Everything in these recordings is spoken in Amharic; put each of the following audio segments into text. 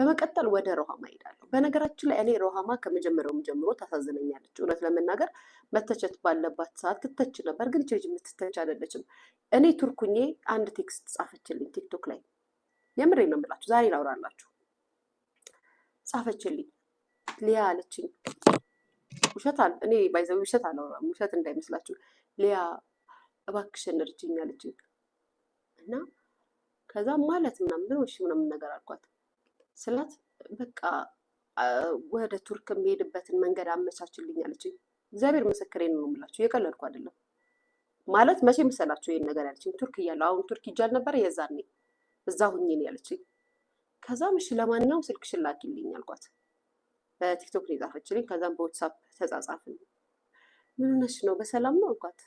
በመቀጠል ወደ ሮሃማ እሄዳለሁ። በነገራችን ላይ እኔ ሮሃማ ከመጀመሪያውም ጀምሮ ታሳዝነኛለች። እውነት ለመናገር መተቸት ባለባት ሰዓት ትተች ነበር፣ ግን ችልጅ የምትተች አይደለችም። እኔ ቱርኩኜ አንድ ቴክስት ጻፈችልኝ ቲክቶክ ላይ። የምሬ ነው የምላችሁ፣ ዛሬ ላውራላችሁ። ጻፈችልኝ ሊያ አለችኝ። ውሸት አለ እኔ ባይዘዊ ውሸት አላወራም፣ ውሸት እንዳይመስላችሁ። ሊያ እባክሽን እርጅኝ አለችኝ እና ከዛ ማለት ምናምን ብሎ ምናምን ነገር አልኳት ስላት በቃ ወደ ቱርክ የሚሄድበትን መንገድ አመቻችልኝ አለችኝ። እግዚአብሔር ምስክሬን ነው የምላችሁ፣ የቀለድኩ አይደለም። ማለት መቼ መሰላችሁ ይህን ነገር ያለችኝ? ቱርክ እያለሁ አሁን ቱርክ ይጃል ነበረ የዛኔ እዛ ሁኜ ነው ያለችኝ። ከዛም እሺ ለማንኛውም ስልክሽን ላኪልኝ አልኳት። በቲክቶክ ነው የጻፈችልኝ። ከዛም በዋትሳፕ ተጻጻፍን። ምን ሆነሽ ነው በሰላም ነው አልኳት።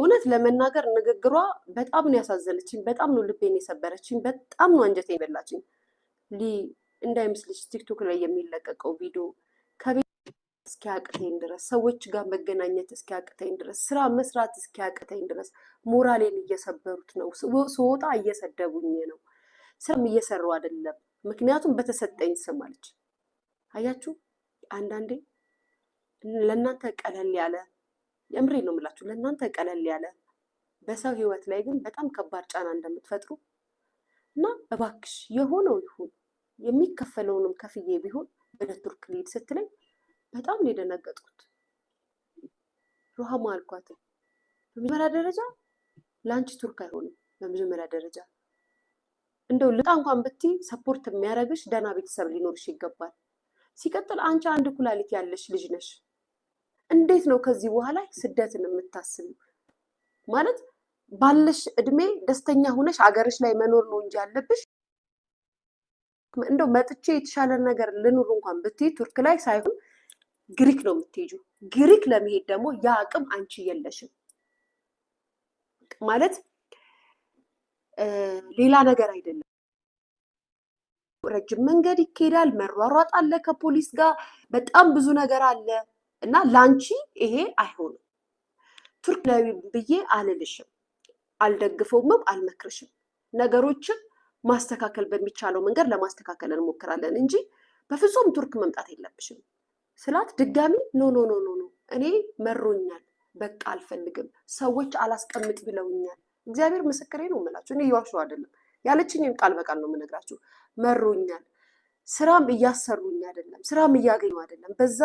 እውነት ለመናገር ንግግሯ በጣም ነው ያሳዘነችኝ። በጣም ነው ልቤን የሰበረችኝ። በጣም ነው አንጀቴን የበላችኝ። እንዳይመስልሽ ቲክቶክ ላይ የሚለቀቀው ቪዲዮ ከቤት እስኪያቅተኝ ድረስ ሰዎች ጋር መገናኘት እስኪያቅተኝ ድረስ ስራ መስራት እስኪያቅተኝ ድረስ ሞራሌን እየሰበሩት ነው። ስወጣ እየሰደቡኝ ነው። ስራም እየሰሩ አይደለም። ምክንያቱም በተሰጠኝ ስም አለች። አያችሁ፣ አንዳንዴ ለእናንተ ቀለል ያለ የምሬ ነው የምላችሁ፣ ለእናንተ ቀለል ያለ በሰው ህይወት ላይ ግን በጣም ከባድ ጫና እንደምትፈጥሩ እና እባክሽ የሆነው ይሁን የሚከፈለውንም ከፍዬ ቢሆን ወደ ቱርክ ልሂድ ስትለኝ በጣም ነው የደነገጥኩት። ሩሃማ አልኳት፣ በመጀመሪያ ደረጃ ለአንቺ ቱርክ አይሆንም። በመጀመሪያ ደረጃ እንደው ልጣ እንኳን ብቲ ሰፖርት የሚያደርግሽ ደህና ቤተሰብ ሊኖርሽ ይገባል። ሲቀጥል አንቺ አንድ ኩላሊት ያለሽ ልጅ ነሽ። እንዴት ነው ከዚህ በኋላ ስደትን የምታስብ? ማለት ባለሽ እድሜ ደስተኛ ሆነሽ አገርሽ ላይ መኖር ነው እንጂ ያለብሽ እንደው መጥቼ የተሻለ ነገር ልኑር እንኳን ብትይ ቱርክ ላይ ሳይሆን ግሪክ ነው የምትሄጁ። ግሪክ ለመሄድ ደግሞ ያ አቅም አንቺ የለሽም ማለት ሌላ ነገር አይደለም። ረጅም መንገድ ይካሄዳል። መሯሯጥ አለ ከፖሊስ ጋር በጣም ብዙ ነገር አለ እና ላንቺ ይሄ አይሆንም። ቱርክ ላይ ብዬ አልልሽም፣ አልደግፈውምም፣ አልመክርሽም ነገሮችን ማስተካከል በሚቻለው መንገድ ለማስተካከል እንሞክራለን እንጂ በፍጹም ቱርክ መምጣት የለብሽም ስላት ድጋሚ ኖ ኖ ኖ ኖ እኔ መሮኛል፣ በቃ አልፈልግም፣ ሰዎች አላስቀምጥ ብለውኛል። እግዚአብሔር ምስክሬ ነው የምላችሁ፣ እኔ እየዋሸሁ አይደለም። ያለችኝን ቃል በቃል ነው የምነግራችሁ። መሮኛል፣ ስራም እያሰሩኝ አይደለም፣ ስራም እያገኙ አይደለም። በዛ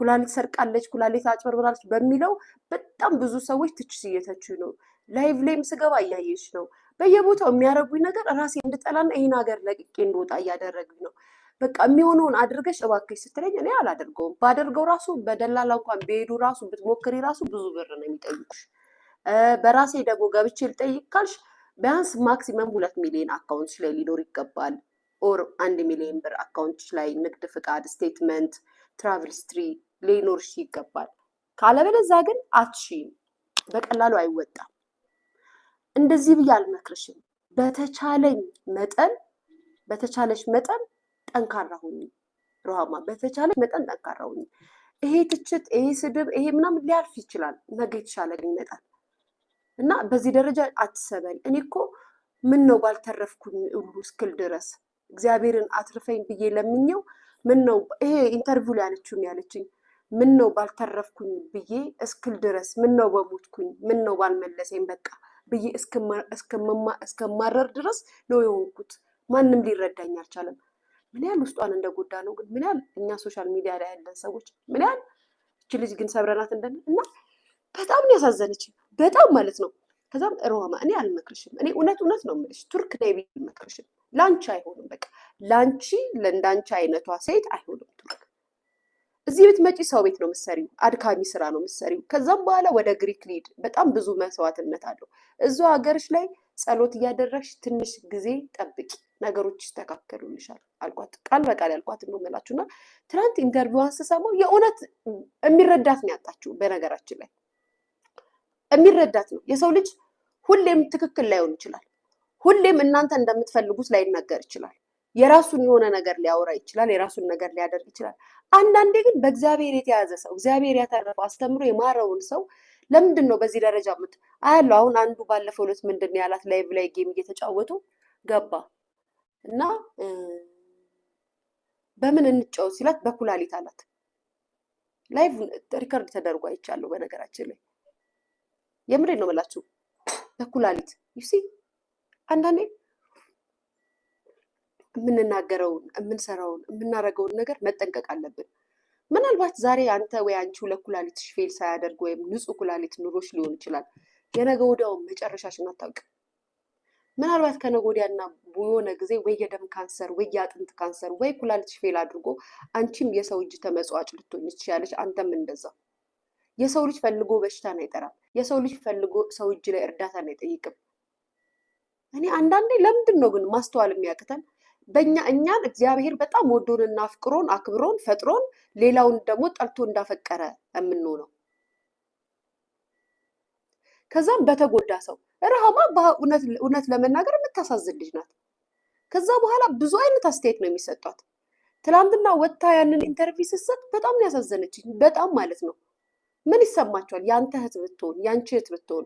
ኩላሊት ሰርቃለች፣ ኩላሊት አጭበርብራለች በሚለው በጣም ብዙ ሰዎች ትችስ እየተቹ ነው። ላይቭ ላይም ስገባ እያየች ነው በየቦታው የሚያደርጉኝ ነገር ራሴ እንድጠላና ይህን ሀገር ለቅቄ እንድወጣ እያደረጉኝ ነው። በቃ የሚሆነውን አድርገሽ እባክሽ ስትለኝ እኔ አላደርገውም። ባደርገው ራሱ በደላላ እንኳን ቢሄዱ ራሱ ብትሞክሪ ራሱ ብዙ ብር ነው የሚጠይቁሽ። በራሴ ደግሞ ገብቼ ልጠይቅ ካልሽ ቢያንስ ማክሲመም ሁለት ሚሊዮን አካውንት ላይ ሊኖር ይገባል። ኦር አንድ ሚሊዮን ብር አካውንት ላይ ንግድ ፍቃድ፣ ስቴትመንት፣ ትራቭል ስትሪ ሊኖርሽ ይገባል። ካለበለዛ ግን አትሺም፣ በቀላሉ አይወጣም። እንደዚህ ብዬ አልመክርሽም። በተቻለኝ መጠን በተቻለሽ መጠን ጠንካራ ሁኝ ሩሃማ፣ በተቻለሽ መጠን ጠንካራ ሁኝ። ይሄ ትችት፣ ይሄ ስድብ፣ ይሄ ምናምን ሊያልፍ ይችላል። ነገ የተሻለ ግን ይመጣል እና በዚህ ደረጃ አትሰበሪ። እኔ እኮ ምን ነው ባልተረፍኩኝ ሁሉ እስክል ድረስ እግዚአብሔርን አትርፈኝ ብዬ ለምኘው ምን ነው ይሄ ኢንተርቪው ላይ ያለችው ያለችኝ ምን ነው ባልተረፍኩኝ ብዬ እስክል ድረስ ምን ነው በሞትኩኝ ምን ነው ባልመለሰኝ በቃ ብዬ እስከማረር ድረስ ነው የሆንኩት። ማንም ሊረዳኝ አልቻለም። ምን ያህል ውስጧን እንደጎዳ ነው ግን ምን ያህል እኛ ሶሻል ሚዲያ ላይ ያለን ሰዎች ምን ያህል እች ልጅ ግን ሰብረናት እንደን እና በጣም ያሳዘነች በጣም ማለት ነው። ከዛም ሮማ እኔ አልመክርሽም፣ እኔ እውነት እውነት ነው የምልሽ ቱርክ ነይ ብዬ አልመክርሽም። ለአንቺ አይሆንም፣ በቃ ላንቺ ለእንዳንቺ አይነቷ ሴት አይሆንም። እዚህ ቤት መጪ ሰው ቤት ነው የምትሰሪው፣ አድካሚ ስራ ነው የምትሰሪው። ከዛም በኋላ ወደ ግሪክ ሊድ በጣም ብዙ መስዋዕትነት አለው። እዛ ሀገርሽ ላይ ጸሎት እያደረግሽ ትንሽ ጊዜ ጠብቂ፣ ነገሮች ይስተካከሉልሻል አልኳት። ቃል በቃል ያልኳት ነው የምላችሁ። እና ትናንት ኢንተርቪዋን ስሰማው የእውነት የሚረዳት ነው ያጣችው። በነገራችን ላይ የሚረዳት ነው የሰው ልጅ ሁሌም ትክክል ላይሆን ይችላል። ሁሌም እናንተ እንደምትፈልጉት ላይናገር ይችላል። የራሱን የሆነ ነገር ሊያወራ ይችላል። የራሱን ነገር ሊያደርግ ይችላል። አንዳንዴ ግን በእግዚአብሔር የተያዘ ሰው እግዚአብሔር ያተረፈው አስተምሮ የማረውን ሰው ለምንድን ነው በዚህ ደረጃ ምት አያለው? አሁን አንዱ ባለፈው ዕለት ምንድን ነው ያላት ላይቭ ላይ ጌም እየተጫወቱ ገባ እና በምን እንጫወት ሲላት በኩላሊት አላት። ላይቭ ሪከርድ ተደርጎ አይቻለሁ። በነገራችን ላይ የምሬ ነው የምላችሁ በኩላሊት ዩሲ አንዳንዴ የምንናገረውን፣ የምንሰራውን፣ የምናደርገውን ነገር መጠንቀቅ አለብን። ምናልባት ዛሬ አንተ ወይ አንቺ ሁለት ኩላሊትሽ ፌል ሳያደርግ ወይም ንጹህ ኩላሊት ኑሮች ሊሆን ይችላል። የነገ ወዲያው መጨረሻሽን አታውቅም። ምናልባት ከነገ ወዲያና የሆነ ጊዜ ወይ የደም ካንሰር ወይ የአጥንት ካንሰር ወይ ኩላሊትሽ ፌል አድርጎ አንቺም የሰው እጅ ተመጽዋጭ ልትሆኝ ትችላለች። አንተም እንደዛ የሰው ልጅ ፈልጎ በሽታን አይጠራም። የሰው ልጅ ፈልጎ ሰው እጅ ላይ እርዳታን አይጠይቅም። እኔ አንዳንዴ ለምንድን ነው ግን ማስተዋል የሚያቅተን? በእኛ እኛን እግዚአብሔር በጣም ወዶንና እናፍቅሮን አክብሮን ፈጥሮን ሌላውን ደግሞ ጠልቶ እንዳፈቀረ የምንሆነው። ከዛም በተጎዳ ሰው ረሃማ እውነት ለመናገር የምታሳዝን ልጅ ናት። ከዛ በኋላ ብዙ አይነት አስተያየት ነው የሚሰጧት። ትናንትና ወጥታ ያንን ኢንተርቪው ስትሰጥ በጣም ነው ያሳዘነችኝ። በጣም ማለት ነው። ምን ይሰማቸዋል? ያንተ እህት ብትሆን ያንቺ እህት ብትሆን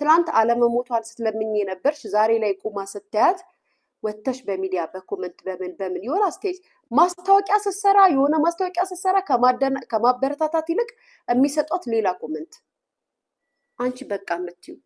ትናንት አለመሞቷን ስትለምኝ የነበርሽ ዛሬ ላይ ቁማ ስታያት ወተሽ በሚዲያ በኮመንት በምን በምን የሆነ አስቴጅ ማስታወቂያ ስትሰራ የሆነ ማስታወቂያ ስትሰራ ከማበረታታት ይልቅ የሚሰጧት ሌላ ኮመንት አንቺ በቃ የምትዩ